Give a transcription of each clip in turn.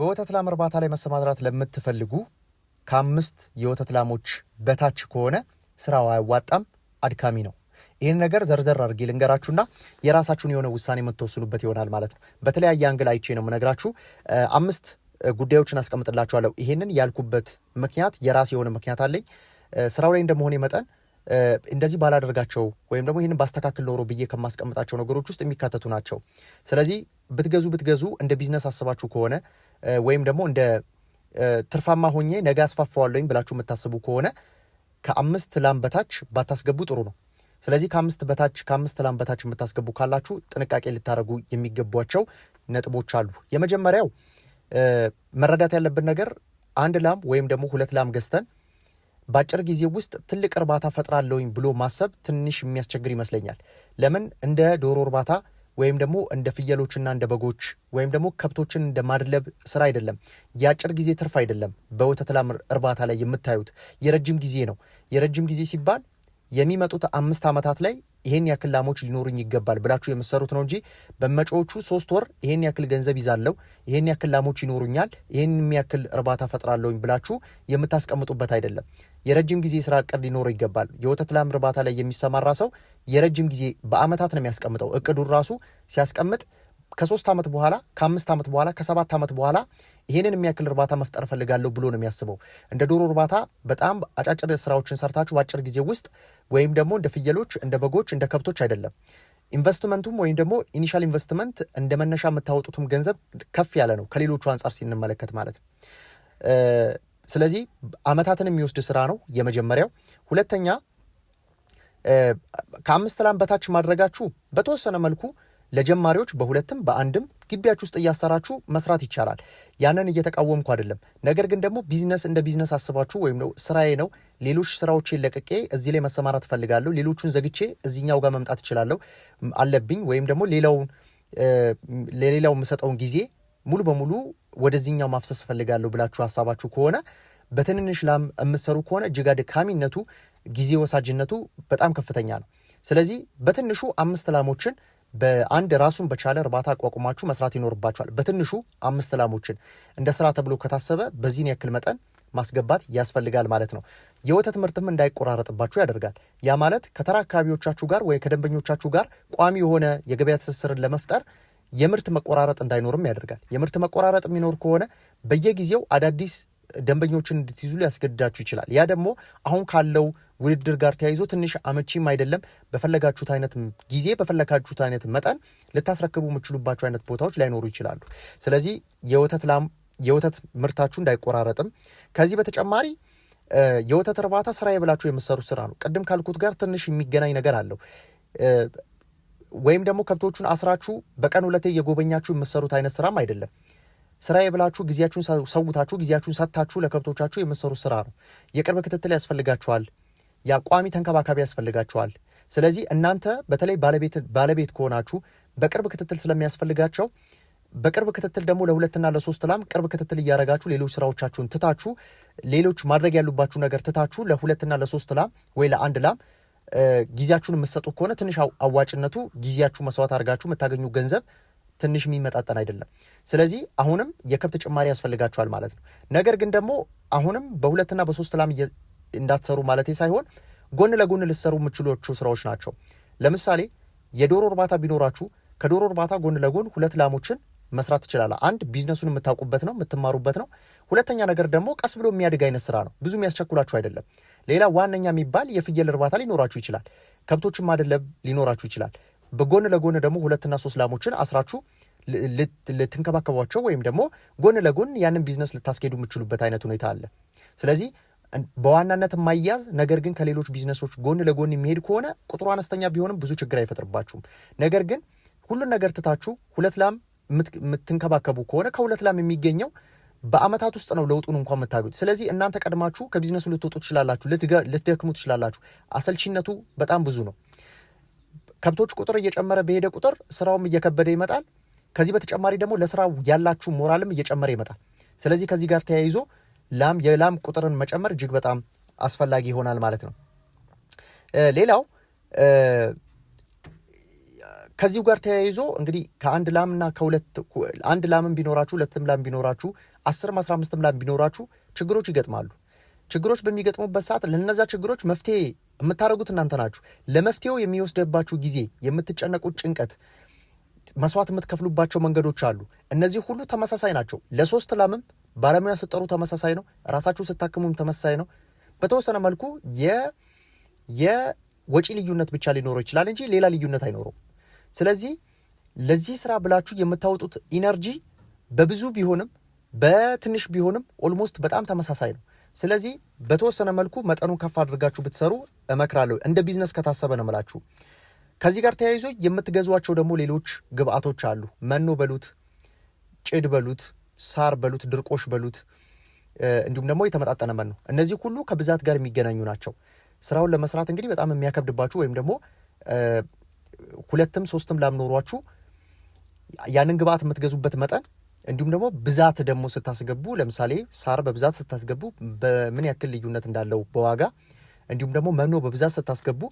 በወተት ላም እርባታ ላይ መሰማራት ለምትፈልጉ ከአምስት የወተት ላሞች በታች ከሆነ ስራው አያዋጣም፣ አድካሚ ነው። ይህን ነገር ዘርዘር አድርጌ ልንገራችሁና የራሳችሁን የሆነ ውሳኔ የምትወስኑበት ይሆናል ማለት ነው። በተለያየ አንግል አይቼ ነው የምነግራችሁ። አምስት ጉዳዮችን አስቀምጥላችኋለሁ። ይሄንን ያልኩበት ምክንያት የራሴ የሆነ ምክንያት አለኝ። ስራው ላይ እንደመሆኔ መጠን እንደዚህ ባላደርጋቸው ወይም ደግሞ ይህንን ባስተካክል ኖሮ ብዬ ከማስቀምጣቸው ነገሮች ውስጥ የሚካተቱ ናቸው። ስለዚህ ብትገዙ ብትገዙ እንደ ቢዝነስ አስባችሁ ከሆነ ወይም ደግሞ እንደ ትርፋማ ሆኜ ነገ አስፋፋዋለኝ ብላችሁ የምታስቡ ከሆነ ከአምስት ላም በታች ባታስገቡ ጥሩ ነው። ስለዚህ ከአምስት በታች ከአምስት ላም በታች የምታስገቡ ካላችሁ ጥንቃቄ ልታደርጉ የሚገቧቸው ነጥቦች አሉ። የመጀመሪያው መረዳት ያለብን ነገር አንድ ላም ወይም ደግሞ ሁለት ላም ገዝተን በአጭር ጊዜ ውስጥ ትልቅ እርባታ ፈጥራለሁኝ ብሎ ማሰብ ትንሽ የሚያስቸግር ይመስለኛል። ለምን እንደ ዶሮ እርባታ ወይም ደግሞ እንደ ፍየሎችና እንደ በጎች ወይም ደግሞ ከብቶችን እንደ ማድለብ ስራ አይደለም። የአጭር ጊዜ ትርፍ አይደለም። በወተት ላም እርባታ ላይ የምታዩት የረጅም ጊዜ ነው። የረጅም ጊዜ ሲባል የሚመጡት አምስት ዓመታት ላይ ይሄን ያክል ላሞች ሊኖሩኝ ይገባል ብላችሁ የምሰሩት ነው እንጂ በመጪዎቹ ሶስት ወር ይሄን ያክል ገንዘብ ይዛለው ይሄን ያክል ላሞች ይኖሩኛል፣ ይሄን የሚያክል እርባታ ፈጥራለውኝ ብላችሁ የምታስቀምጡበት አይደለም። የረጅም ጊዜ ስራ እቅድ ሊኖረው ይገባል። የወተት ላም እርባታ ላይ የሚሰማራ ሰው የረጅም ጊዜ በአመታት ነው የሚያስቀምጠው። እቅዱን ራሱ ሲያስቀምጥ ከሶስት ዓመት በኋላ ከአምስት ዓመት በኋላ ከሰባት ዓመት በኋላ ይህንን የሚያክል እርባታ መፍጠር እፈልጋለሁ ብሎ ነው የሚያስበው። እንደ ዶሮ እርባታ በጣም አጫጭር ስራዎችን ሰርታችሁ በአጭር ጊዜ ውስጥ ወይም ደግሞ እንደ ፍየሎች፣ እንደ በጎች፣ እንደ ከብቶች አይደለም። ኢንቨስትመንቱም ወይም ደግሞ ኢኒሻል ኢንቨስትመንት እንደ መነሻ የምታወጡትም ገንዘብ ከፍ ያለ ነው ከሌሎቹ አንጻር ሲንመለከት ማለት ነው። ስለዚህ አመታትን የሚወስድ ስራ ነው የመጀመሪያው። ሁለተኛ ከአምስት ላም በታች ማድረጋችሁ በተወሰነ መልኩ ለጀማሪዎች በሁለትም በአንድም ግቢያች ውስጥ እያሰራችሁ መስራት ይቻላል። ያንን እየተቃወምኩ አይደለም። ነገር ግን ደግሞ ቢዝነስ እንደ ቢዝነስ አስባችሁ ወይም ነው ስራዬ ነው ሌሎች ስራዎቼን ለቅቄ እዚህ ላይ መሰማራት እፈልጋለሁ፣ ሌሎቹን ዘግቼ እዚኛው ጋር መምጣት እችላለሁ አለብኝ ወይም ደግሞ ሌላውን ለሌላው የምሰጠውን ጊዜ ሙሉ በሙሉ ወደዚህኛው ማፍሰስ እፈልጋለሁ ብላችሁ ሀሳባችሁ ከሆነ በትንንሽ ላም የምሰሩ ከሆነ እጅግ አድካሚነቱ ጊዜ ወሳጅነቱ በጣም ከፍተኛ ነው። ስለዚህ በትንሹ አምስት ላሞችን በአንድ ራሱን በቻለ እርባታ አቋቁማችሁ መስራት ይኖርባችኋል። በትንሹ አምስት ላሞችን እንደ ስራ ተብሎ ከታሰበ በዚህን ያክል መጠን ማስገባት ያስፈልጋል ማለት ነው። የወተት ምርትም እንዳይቆራረጥባችሁ ያደርጋል። ያ ማለት ከተራ አካባቢዎቻችሁ ጋር ወይ ከደንበኞቻችሁ ጋር ቋሚ የሆነ የገበያ ትስስርን ለመፍጠር የምርት መቆራረጥ እንዳይኖርም ያደርጋል። የምርት መቆራረጥ የሚኖር ከሆነ በየጊዜው አዳዲስ ደንበኞችን እንድትይዙ ሊያስገድዳችሁ ይችላል። ያ ደግሞ አሁን ካለው ውድድር ጋር ተያይዞ ትንሽ አመቺም አይደለም። በፈለጋችሁት አይነት ጊዜ በፈለጋችሁት አይነት መጠን ልታስረክቡ የምችሉባቸው አይነት ቦታዎች ላይኖሩ ይችላሉ። ስለዚህ የወተት ላም የወተት ምርታችሁ እንዳይቆራረጥም ከዚህ በተጨማሪ የወተት እርባታ ስራዬ ብላችሁ የምትሰሩት ስራ ነው። ቅድም ካልኩት ጋር ትንሽ የሚገናኝ ነገር አለው። ወይም ደግሞ ከብቶቹን አስራችሁ በቀን ሁለቴ የጎበኛችሁ የምትሰሩት አይነት ስራም አይደለም። ስራዬ ብላችሁ ጊዜያችሁን ሰውታችሁ ጊዜያችሁን ሰጥታችሁ ለከብቶቻችሁ የምትሰሩት ስራ ነው። የቅርብ ክትትል ያስፈልጋችኋል። የአቋሚ ተንከባካቢ ያስፈልጋችኋል። ስለዚህ እናንተ በተለይ ባለቤት ከሆናችሁ በቅርብ ክትትል ስለሚያስፈልጋቸው በቅርብ ክትትል ደግሞ ለሁለትና ለሶስት ላም ቅርብ ክትትል እያደረጋችሁ ሌሎች ስራዎቻችሁን ትታችሁ ሌሎች ማድረግ ያሉባችሁ ነገር ትታችሁ ለሁለትና ለሶስት ላም ወይ ለአንድ ላም ጊዜያችሁን የምትሰጡ ከሆነ ትንሽ አዋጭነቱ ጊዜያችሁ መስዋዕት አድርጋችሁ የምታገኙ ገንዘብ ትንሽ የሚመጣጠን አይደለም። ስለዚህ አሁንም የከብት ጭማሪ ያስፈልጋቸዋል ማለት ነው። ነገር ግን ደግሞ አሁንም በሁለትና በሶስት ላም እንዳትሰሩ ማለት ሳይሆን ጎን ለጎን ልትሰሩ የምችሎቹ ስራዎች ናቸው። ለምሳሌ የዶሮ እርባታ ቢኖራችሁ ከዶሮ እርባታ ጎን ለጎን ሁለት ላሞችን መስራት ትችላለ። አንድ ቢዝነሱን የምታውቁበት ነው የምትማሩበት ነው። ሁለተኛ ነገር ደግሞ ቀስ ብሎ የሚያድግ አይነት ስራ ነው። ብዙ የሚያስቸኩላችሁ አይደለም። ሌላ ዋነኛ የሚባል የፍየል እርባታ ሊኖራችሁ ይችላል። ከብቶችም ማደለብ ሊኖራችሁ ይችላል። በጎን ለጎን ደግሞ ሁለትና ሶስት ላሞችን አስራችሁ ልትንከባከቧቸው ወይም ደግሞ ጎን ለጎን ያንን ቢዝነስ ልታስኬዱ የምችሉበት አይነት ሁኔታ አለ። ስለዚህ በዋናነት የማይያዝ ነገር ግን ከሌሎች ቢዝነሶች ጎን ለጎን የሚሄድ ከሆነ ቁጥሩ አነስተኛ ቢሆንም ብዙ ችግር አይፈጥርባችሁም። ነገር ግን ሁሉን ነገር ትታችሁ ሁለት ላም የምትንከባከቡ ከሆነ ከሁለት ላም የሚገኘው በአመታት ውስጥ ነው ለውጡን እንኳን የምታገኙት። ስለዚህ እናንተ ቀድማችሁ ከቢዝነሱ ልትወጡ ትችላላችሁ፣ ልትደክሙ ትችላላችሁ። አሰልቺነቱ በጣም ብዙ ነው። ከብቶች ቁጥር እየጨመረ በሄደ ቁጥር ስራውም እየከበደ ይመጣል። ከዚህ በተጨማሪ ደግሞ ለስራው ያላችሁ ሞራልም እየጨመረ ይመጣል። ስለዚህ ከዚህ ጋር ተያይዞ ላም የላም ቁጥርን መጨመር እጅግ በጣም አስፈላጊ ይሆናል ማለት ነው። ሌላው ከዚሁ ጋር ተያይዞ እንግዲህ ከአንድ ላምና ከሁለት አንድ ላምም ቢኖራችሁ ሁለትም ላም ቢኖራችሁ አስርም አስራ አምስትም ላም ቢኖራችሁ ችግሮች ይገጥማሉ። ችግሮች በሚገጥሙበት ሰዓት ለነዛ ችግሮች መፍትሄ የምታደርጉት እናንተ ናችሁ። ለመፍትሄው የሚወስደባችሁ ጊዜ፣ የምትጨነቁት ጭንቀት፣ መስዋዕት የምትከፍሉባቸው መንገዶች አሉ። እነዚህ ሁሉ ተመሳሳይ ናቸው። ለሶስት ላምም ባለሙያ ስጠሩ ተመሳሳይ ነው። ራሳችሁ ስታክሙም ተመሳሳይ ነው። በተወሰነ መልኩ የወጪ ልዩነት ብቻ ሊኖረው ይችላል እንጂ ሌላ ልዩነት አይኖረውም። ስለዚህ ለዚህ ስራ ብላችሁ የምታወጡት ኢነርጂ በብዙ ቢሆንም በትንሽ ቢሆንም ኦልሞስት በጣም ተመሳሳይ ነው። ስለዚህ በተወሰነ መልኩ መጠኑ ከፍ አድርጋችሁ ብትሰሩ እመክራለሁ። እንደ ቢዝነስ ከታሰበ ነው ምላችሁ። ከዚህ ጋር ተያይዞ የምትገዟቸው ደግሞ ሌሎች ግብአቶች አሉ። መኖ በሉት፣ ጭድ በሉት፣ ሳር በሉት፣ ድርቆሽ በሉት፣ እንዲሁም ደግሞ የተመጣጠነ መኖ። እነዚህ ሁሉ ከብዛት ጋር የሚገናኙ ናቸው። ስራውን ለመስራት እንግዲህ በጣም የሚያከብድባችሁ ወይም ደግሞ ሁለትም ሶስትም ላምኖሯችሁ ያንን ግብአት የምትገዙበት መጠን እንዲሁም ደግሞ ብዛት ደግሞ ስታስገቡ ለምሳሌ ሳር በብዛት ስታስገቡ በምን ያክል ልዩነት እንዳለው በዋጋ እንዲሁም ደግሞ መኖ በብዛት ስታስገቡ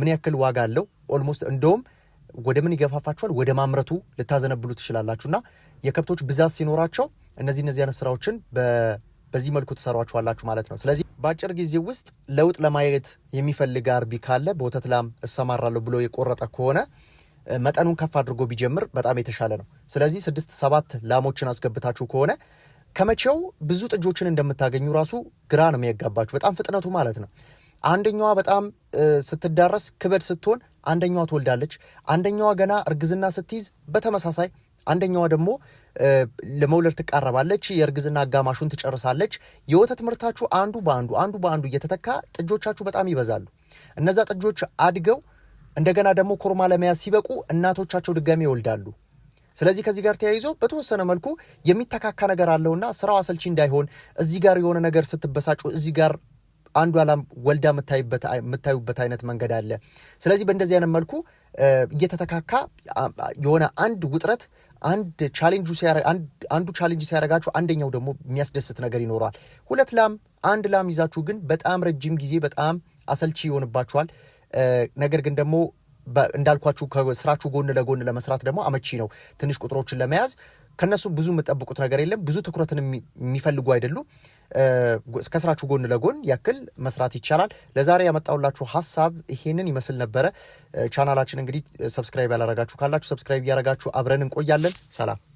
ምን ያክል ዋጋ አለው። ኦልሞስት እንደውም ወደ ምን ይገፋፋችኋል? ወደ ማምረቱ ልታዘነብሉ እና የከብቶች ብዛት ሲኖራቸው እነዚህ እነዚህ አይነት ስራዎችን በዚህ መልኩ ትሰሯችኋላችሁ ማለት ነው። ስለዚህ በአጭር ጊዜ ውስጥ ለውጥ ለማየት የሚፈልግ አርቢ ካለ በወተት ላም እሰማራለሁ ብሎ የቆረጠ ከሆነ መጠኑን ከፍ አድርጎ ቢጀምር በጣም የተሻለ ነው። ስለዚህ ስድስት ሰባት ላሞችን አስገብታችሁ ከሆነ ከመቼው ብዙ ጥጆችን እንደምታገኙ ራሱ ግራ ነው የሚያጋባችሁ። በጣም ፍጥነቱ ማለት ነው። አንደኛዋ በጣም ስትዳረስ ክበድ ስትሆን አንደኛዋ ትወልዳለች። አንደኛዋ ገና እርግዝና ስትይዝ በተመሳሳይ አንደኛዋ ደግሞ ለመውለድ ትቃረባለች። የእርግዝና አጋማሹን ትጨርሳለች። የወተት ምርታችሁ አንዱ በአንዱ አንዱ በአንዱ እየተተካ ጥጆቻችሁ በጣም ይበዛሉ። እነዛ ጥጆች አድገው እንደገና ደግሞ ኮርማ ለመያዝ ሲበቁ እናቶቻቸው ድጋሚ ይወልዳሉ። ስለዚህ ከዚህ ጋር ተያይዞ በተወሰነ መልኩ የሚተካካ ነገር አለውና ስራው አሰልቺ እንዳይሆን እዚህ ጋር የሆነ ነገር ስትበሳጩ እዚህ ጋር አንዱ አላም ወልዳ የምታዩበት አይነት መንገድ አለ። ስለዚህ በእንደዚህ አይነት መልኩ እየተተካካ የሆነ አንድ ውጥረት አንድ ቻሌንጁ አንዱ ቻሌንጅ ሲያደርጋችሁ አንደኛው ደግሞ የሚያስደስት ነገር ይኖረዋል። ሁለት ላም አንድ ላም ይዛችሁ ግን በጣም ረጅም ጊዜ በጣም አሰልቺ ይሆንባችኋል። ነገር ግን ደግሞ እንዳልኳችሁ ከስራችሁ ጎን ለጎን ለመስራት ደግሞ አመቺ ነው። ትንሽ ቁጥሮችን ለመያዝ ከነሱ ብዙ የምጠብቁት ነገር የለም። ብዙ ትኩረትን የሚፈልጉ አይደሉም። ከስራችሁ ጎን ለጎን ያክል መስራት ይቻላል። ለዛሬ ያመጣሁላችሁ ሀሳብ ይሄንን ይመስል ነበረ። ቻናላችን እንግዲህ ሰብስክራይብ ያላረጋችሁ ካላችሁ ሰብስክራይብ እያረጋችሁ አብረን እንቆያለን። ሰላም